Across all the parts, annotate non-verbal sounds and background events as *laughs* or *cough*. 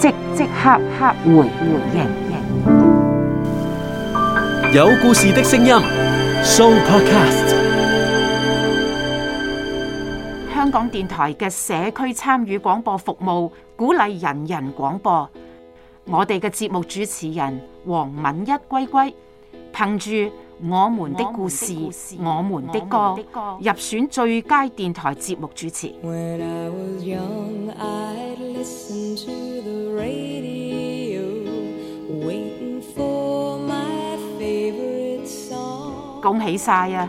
即即刻刻,刻回回應，有故事的聲音，Show Podcast 香港電台嘅社區參與廣播服務，鼓勵人人廣播。我哋嘅節目主持人黃敏一龜龜，憑住。我們的故事，我們的歌入選最佳電台節目主持。恭喜晒！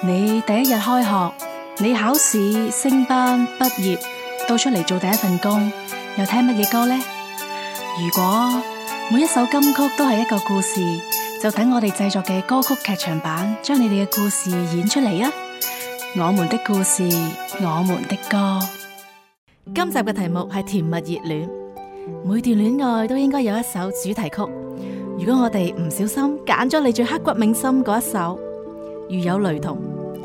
你第一日開學，你考試升班畢業，到出嚟做第一份工，又聽乜嘢歌呢？如果每一首金曲都係一個故事，就等我哋製作嘅歌曲劇場版，將你哋嘅故事演出嚟啊！我們的故事，我們的歌。今集嘅題目係甜蜜熱戀，每段戀愛都應該有一首主題曲。如果我哋唔小心揀咗你最刻骨銘心嗰一首。如有雷同，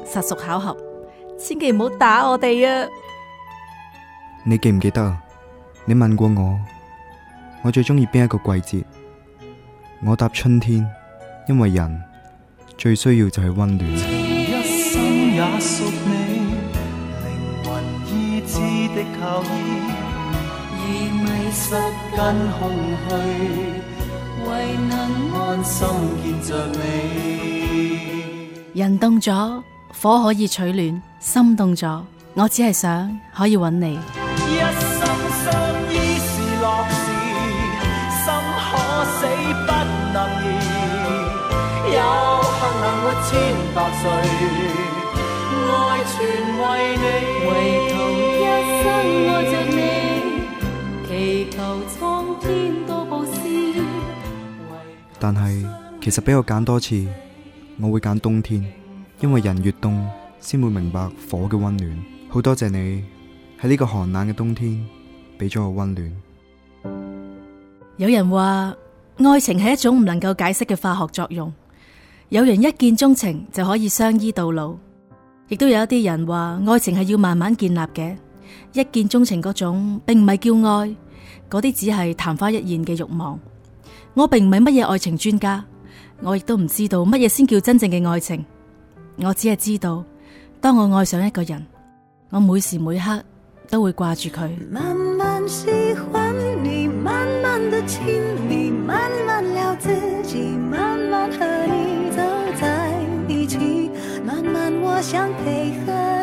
實屬巧合，千祈唔好打我哋啊！你記唔記得啊？你問過我，我最中意邊一個季節？我答春天，因為人最需要就係溫暖。人凍咗，火可以取暖；心凍咗，我只係想可以揾你。一生相依是樂事，心可死不能移，有幸能活千百歲，愛全為你。唯求一生愛着你，祈求蒼天多保佑。但係，其實俾我揀多次。我會揀冬天，因為人越凍先會明白火嘅溫暖。好多謝你喺呢個寒冷嘅冬天俾咗我溫暖。有人話愛情係一種唔能夠解釋嘅化學作用，有人一見鍾情就可以相依到老，亦都有一啲人話愛情係要慢慢建立嘅。一見鍾情嗰種並唔係叫愛，嗰啲只係曇花一現嘅慾望。我並唔係乜嘢愛情專家。我亦都唔知道乜嘢先叫真正嘅愛情。我只係知道，當我愛上一個人，我每時每刻都會掛住佢。慢慢喜歡你，慢慢的親密，慢慢聊自己，慢慢和你走在一起，慢慢我想配合你。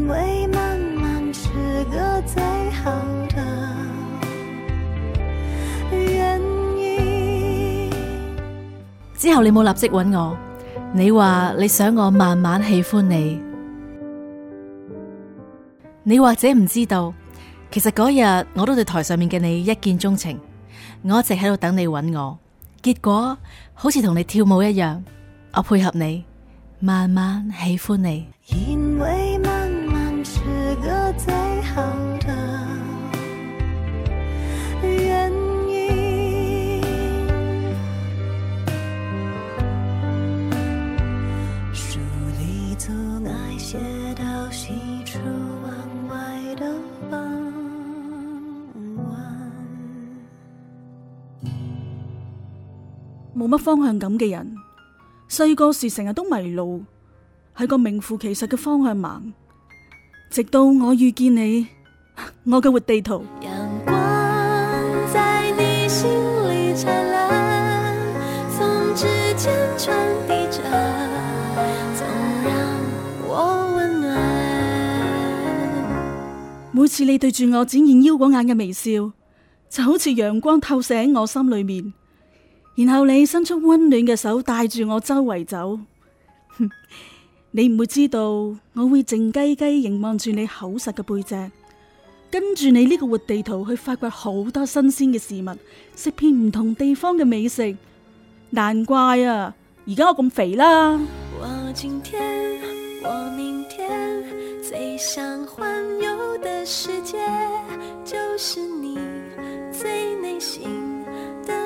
之後你冇立即揾我，你話你想我慢慢喜歡你，你或者唔知道，其實嗰日我都對台上面嘅你一見鍾情，我一直喺度等你揾我，結果好似同你跳舞一樣，我配合你慢慢喜歡你。冇乜方向感嘅人，細個時成日都迷路，係個名副其實嘅方向盲。直到我遇見你，我嘅活地圖。陽光在你心裡燦爛，從指尖傳遞著，總讓我溫暖。每次你對住我展現腰果眼嘅微笑，就好似陽光透射喺我心裏面。然後你伸出溫暖嘅手帶住我周圍走， *laughs* 你唔會知道我會靜雞雞凝望住你厚實嘅背脊，跟住你呢個活地圖去發掘好多新鮮嘅事物，食遍唔同地方嘅美食。難怪啊，而家我咁肥啦。我我今天，我明天，明最想環遊嘅世界，就是你。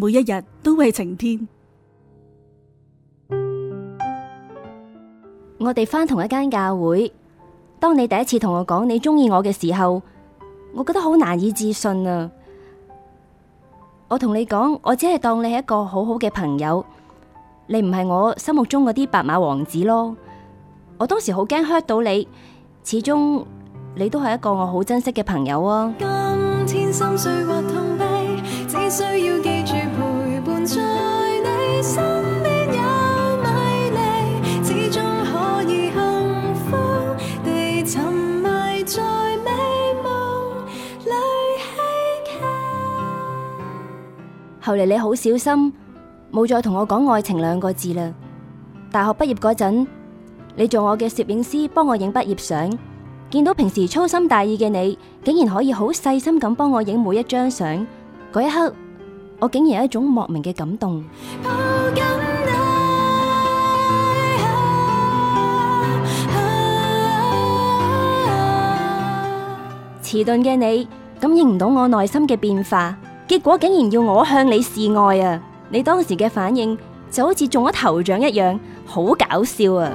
每一日都係晴天。我哋返同一間教會。當你第一次同我講你中意我嘅時候，我覺得好難以置信啊！我同你講，我只係當你係一個好好嘅朋友，你唔係我心目中嗰啲白馬王子咯。我當時好驚嚇到你，始終你都係一個我好珍惜嘅朋友啊。今天心碎或痛悲，只需要。後嚟你好小心，冇再同我講愛情兩個字啦。大學畢業嗰陣，你做我嘅攝影師，幫我影畢業相。見到平時粗心大意嘅你，竟然可以好細心咁幫我影每一張相，嗰一刻，我竟然有一種莫名嘅感動。遲鈍嘅你，感應唔到我內心嘅變化。結果竟然要我向你示愛啊！你當時嘅反應就好似中咗頭獎一樣，好搞笑啊！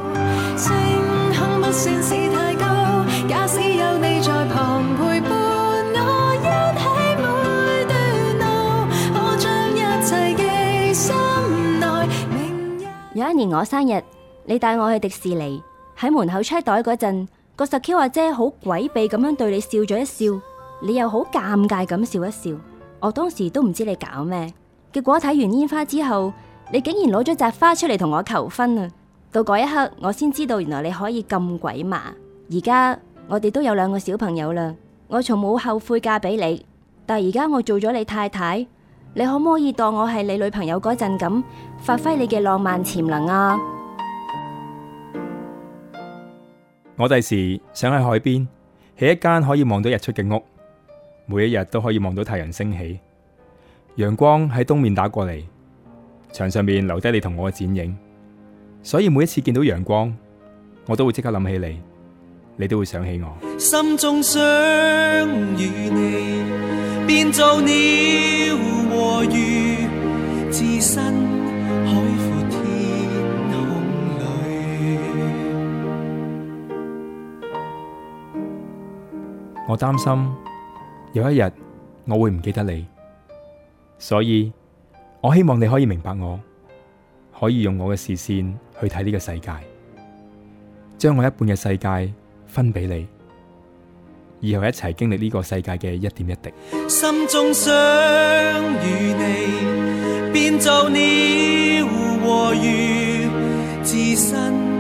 有一年我生日，你帶我去迪士尼，喺門口出袋嗰陣，個十 Q 阿姐好詭秘咁樣對你笑咗一笑，你又好尷尬咁笑一笑。我當時都唔知你搞咩，結果睇完煙花之後，你竟然攞咗扎花出嚟同我求婚啊！到嗰一刻，我先知道原來你可以咁鬼馬。而家我哋都有兩個小朋友啦，我從冇後悔嫁俾你，但係而家我做咗你太太，你可唔可以當我係你女朋友嗰陣咁，發揮你嘅浪漫潛能啊？我第時想喺海邊起一間可以望到日出嘅屋。每一日都可以望到太陽升起，陽光喺東面打過嚟，牆上面留低你同我嘅剪影，所以每一次見到陽光，我都會即刻諗起你，你都會想起我。心中想與你，變做鳥和魚，置身海闊天空裏。我擔心。有一日我會唔記得你，所以我希望你可以明白我，我可以用我嘅視線去睇呢個世界，將我一半嘅世界分俾你，以後一齊經歷呢個世界嘅一點一滴。心中想與你，變做鳥和魚，置身。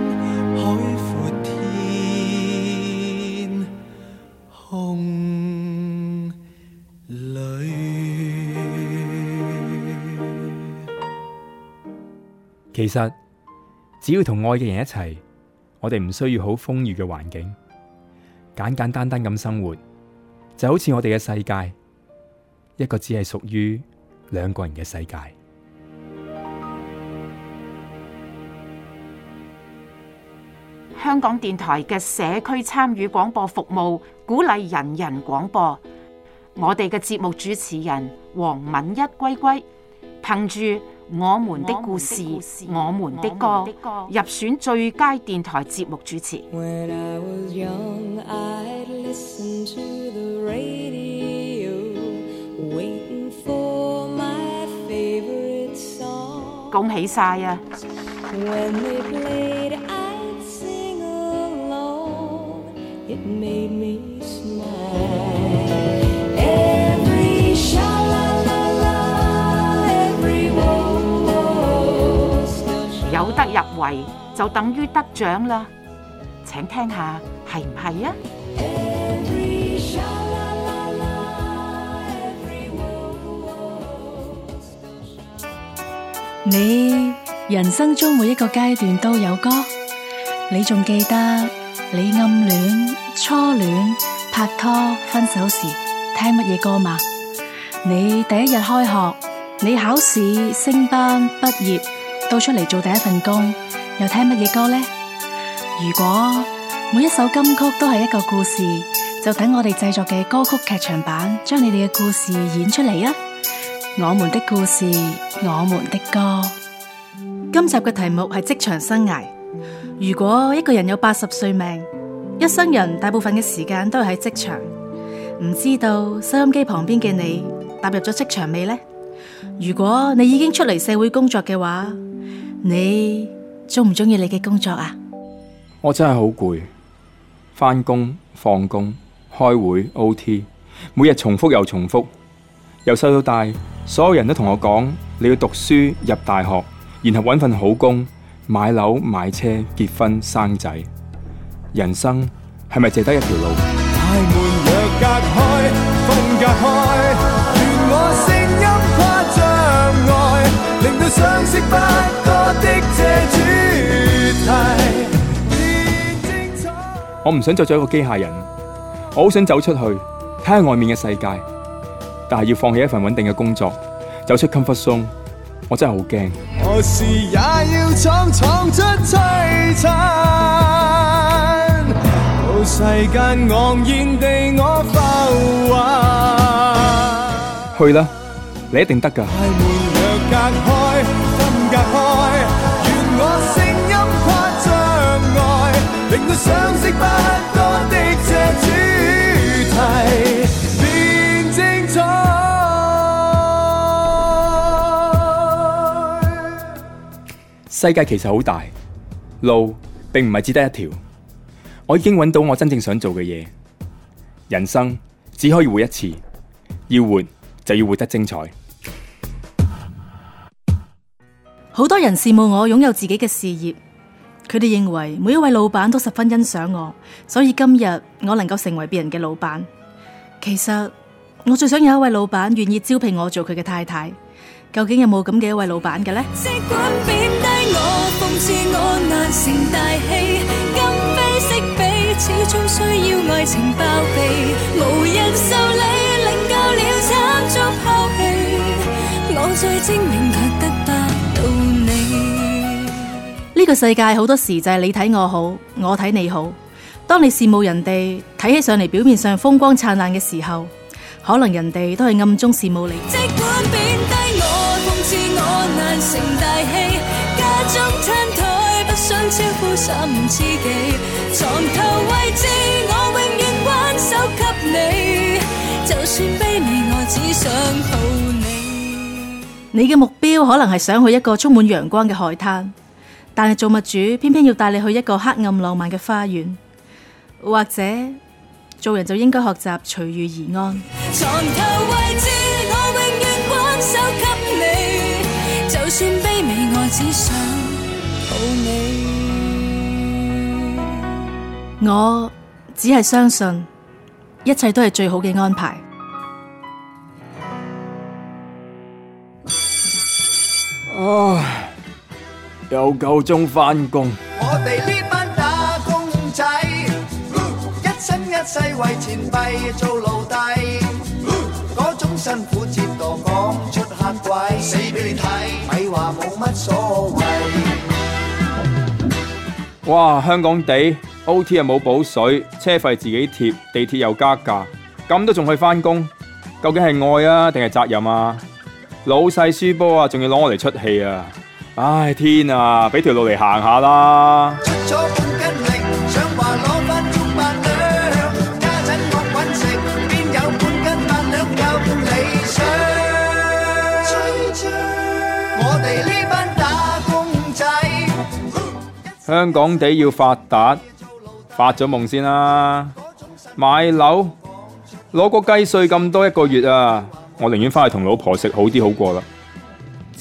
其實只要同愛嘅人一齊，我哋唔需要好豐裕嘅環境，簡簡單單咁生活，就好似我哋嘅世界，一個只係屬於兩個人嘅世界。香港電台嘅社區參與廣播服務，鼓勵人人廣播。我哋嘅節目主持人黃敏一歸歸，憑住。我們的故事，我們的歌入選最佳電台節目主持。恭喜晒啊！入圍就等於得獎啦，請聽下係唔係啊？你人生中每一個階段都有歌，你仲記得你暗戀、初戀、拍拖、分手時聽乜嘢歌嗎？你第一日開學，你考試、升班、畢業。到出嚟做第一份工，又聽乜嘢歌呢？如果每一首金曲都係一個故事，就等我哋製作嘅歌曲劇場版，將你哋嘅故事演出嚟啊！我們的故事，我們的歌。今集嘅題目係職場生涯。如果一個人有八十歲命，一生人大部分嘅時間都係喺職場。唔知道收音機旁邊嘅你，踏入咗職場未呢？如果你已經出嚟社會工作嘅話，你鍾唔鍾意你嘅工作啊？我真係好攰，返工、放工、開會、OT，每日重複又重複。由細到大，所有人都同我講，你要讀書入大學，然後搵份好工，買樓買車，結婚生仔。人生係咪淨得一條路？我唔想再做一個機械人，我好想走出去睇下外面嘅世界，但係要放棄，一份穩定嘅工作，走出 comfort zone，我真係好驚。去啦，你一定得㗎。世界其實好大，路並唔係只得一條。我已經搵到我真正想做嘅嘢。人生只可以活一次，要活就要活得精彩。好多人羨慕我擁有自己嘅事業。佢哋認為每一位老闆都十分欣賞我所以今日我能夠成為別人嘅老闆其實我最想有一位老闆願意招聘我做佢嘅太太究竟有冇咁嘅一位老闆嘅呢即管貶低我諷刺我難成大器今非昔比始終需要愛情包庇無人受理令夠了慘遭拋棄我最精明呢個世界好多時就係你睇我好，我睇你好。當你羨慕人哋，睇起上嚟，表面上風光燦爛嘅時候，可能人哋都係暗中羨慕你。儘管貶低我，控制我，難成大器。家中躊躇，不想超乎三五知己。床頭位置，我永遠關手畀你。就算卑微，我只想抱你。你嘅目標可能係想去一個充滿陽光嘅海灘。但係做物主，偏偏要帶你去一個黑暗浪漫嘅花園，或者做人就應該學習隨遇而安。我永遠挽手給你，就算卑微，我只想抱你。我只係相信，一切都係最好嘅安排。 *noise* Oh. 又夠鐘翻工，我哋呢班打工仔，一生一世為錢幣做奴隸，嗰種辛苦折墮講出吓鬼死俾你睇，咪話冇乜所謂。哇！香港地 OT 又冇補水，車費自己貼，地鐵又加價，咁都仲去翻工？究竟係愛啊，定係責任啊？老細輸波啊，仲要攞我嚟出氣啊？唉，天啊，俾條路嚟行下啦！我哋呢班打工仔，香港地要發達，發咗夢先啦。買樓，攞個雞碎咁多一個月啊！我寧願翻去同老婆食好啲好過啦。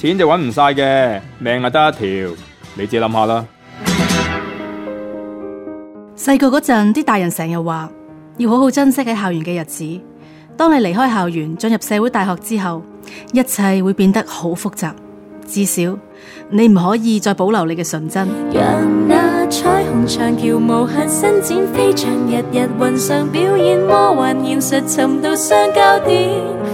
錢就揾唔晒嘅，命啊得一條，你自己諗下啦。細個嗰陣，啲大人成日話要好好珍惜喺校園嘅日子。當你離開校園，進入社會大學之後，一切會變得好複雜。至少你唔可以再保留你嘅純真。讓那彩虹長橋無限伸展，飛翔日日雲上表演魔幻現實沉，尋到相交點。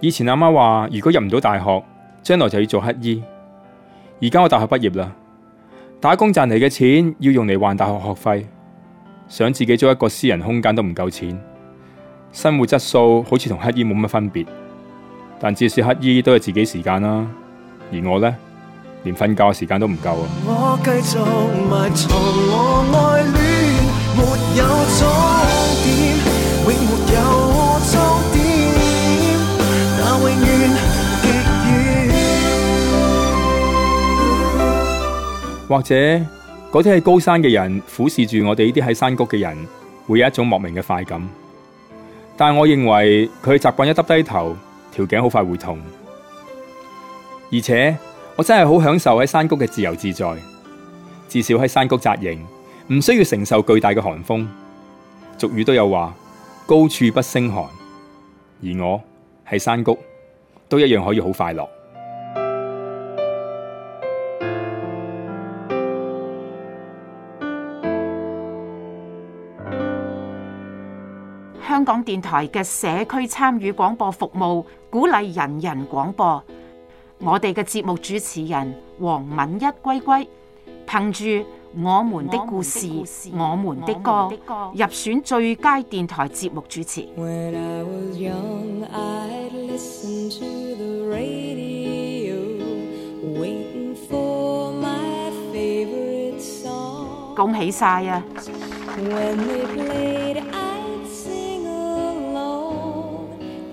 以前阿媽話：如果入唔到大學，將來就要做乞衣。而家我大學畢業啦，打工賺嚟嘅錢要用嚟還大學學費，想自己租一個私人空間都唔夠錢，生活質素好似同乞衣冇乜分別。但至少乞衣都係自己時間啦，而我呢，連瞓覺時間都唔夠啊！或者嗰啲係高山嘅人俯視住我哋呢啲喺山谷嘅人，會有一種莫名嘅快感。但我認為佢習慣一耷低頭，條頸好快會痛。而且我真係好享受喺山谷嘅自由自在，至少喺山谷紮營，唔需要承受巨大嘅寒風。俗語都有話高處不勝寒，而我喺山谷都一樣可以好快樂。港電台嘅社區參與廣播服務，鼓勵人人廣播。我哋嘅節目主持人黃敏一歸歸，憑住我們的故事、我們的歌入選最佳電台節目主持。恭喜晒啊！